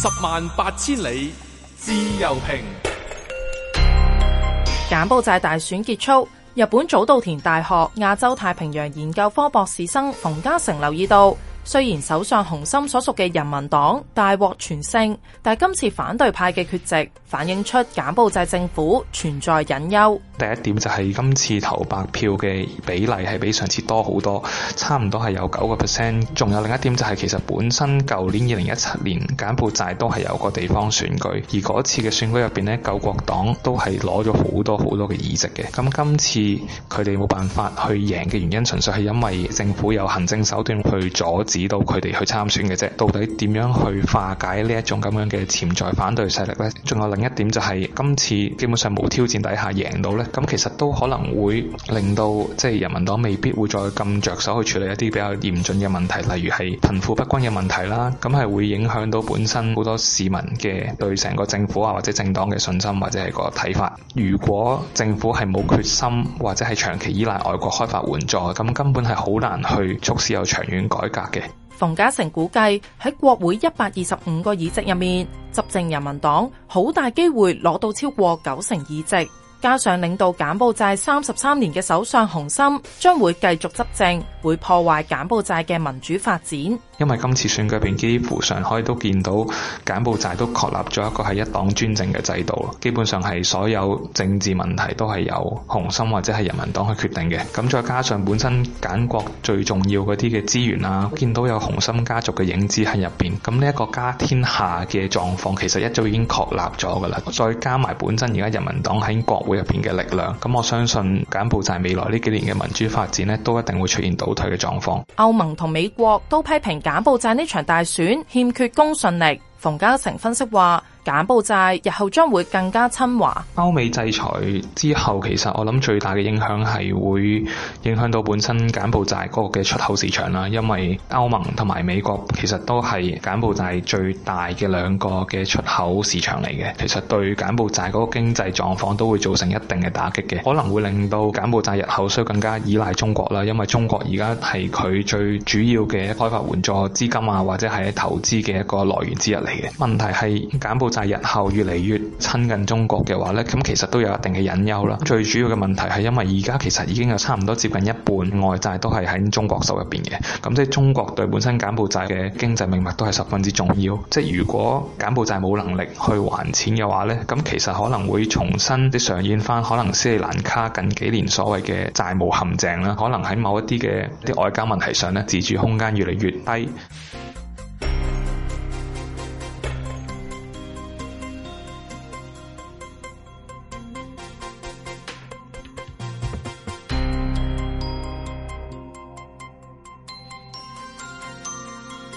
十萬八千里自由評。柬埔寨大選結束，日本早稻田大學亞洲太平洋研究科博士生馮嘉誠留意到，雖然首相洪森所屬嘅人民黨大獲全勝，但今次反對派嘅缺席，反映出柬埔寨政府存在隱憂。第一點就係今次投白票嘅比例係比上次多好多，差唔多係有九個 percent。仲有另一點就係其實本身舊年二零一七年柬埔寨都係有個地方選舉，而嗰次嘅選舉入邊呢，救國黨都係攞咗好多好多嘅議席嘅。咁今次佢哋冇辦法去贏嘅原因，純粹係因為政府有行政手段去阻止到佢哋去參選嘅啫。到底點樣去化解呢一種咁樣嘅潛在反對勢力呢？仲有另一點就係今次基本上冇挑戰底下贏到呢。咁其實都可能會令到即係人民黨未必會再咁着手去處理一啲比較嚴峻嘅問題，例如係貧富不均嘅問題啦。咁係會影響到本身好多市民嘅對成個政府啊或者政黨嘅信心或者係個睇法。如果政府係冇決心或者係長期依賴外國開發援助，咁根本係好難去促使有長遠改革嘅。馮嘉誠估計喺國會一百二十五個議席入面，執政人民黨好大機會攞到超過九成議席。加上領導柬埔寨三十三年嘅首相洪森將會繼續執政，會破壞柬埔寨嘅民主發展。因為今次選舉入邊，幾乎上可以都見到柬埔寨都確立咗一個係一黨專政嘅制度，基本上係所有政治問題都係由洪森或者係人民黨去決定嘅。咁再加上本身柬國最重要嗰啲嘅資源啊，見到有洪森家族嘅影子喺入邊，咁呢一個家天下嘅狀況其實一早已經確立咗㗎喇。再加埋本身而家人民黨喺國會入邊嘅力量，咁我相信柬埔寨未來呢幾年嘅民主發展呢，都一定會出現倒退嘅狀況。歐盟同美國都批評。柬埔寨呢場大選欠缺公信力，馮嘉誠分析話。柬埔寨日後將會更加親華。歐美制裁之後，其實我諗最大嘅影響係會影響到本身柬埔寨嗰個嘅出口市場啦。因為歐盟同埋美國其實都係柬埔寨最大嘅兩個嘅出口市場嚟嘅。其實對柬埔寨嗰個經濟狀況都會造成一定嘅打擊嘅，可能會令到柬埔寨日後需要更加依賴中國啦。因為中國而家係佢最主要嘅開發援助資金啊，或者係投資嘅一個來源之一嚟嘅。問題，係柬埔寨日後越嚟越親近中國嘅話呢，咁其實都有一定嘅隱憂啦。最主要嘅問題係因為而家其實已經有差唔多接近一半外債都係喺中國手入邊嘅，咁即係中國對本身柬埔寨嘅經濟命脈都係十分之重要。即係如果柬埔寨冇能力去還錢嘅話呢，咁其實可能會重新啲上演返可能斯里蘭卡近幾年所謂嘅債務陷阱啦，可能喺某一啲嘅啲外交問題上咧，自主空間越嚟越低。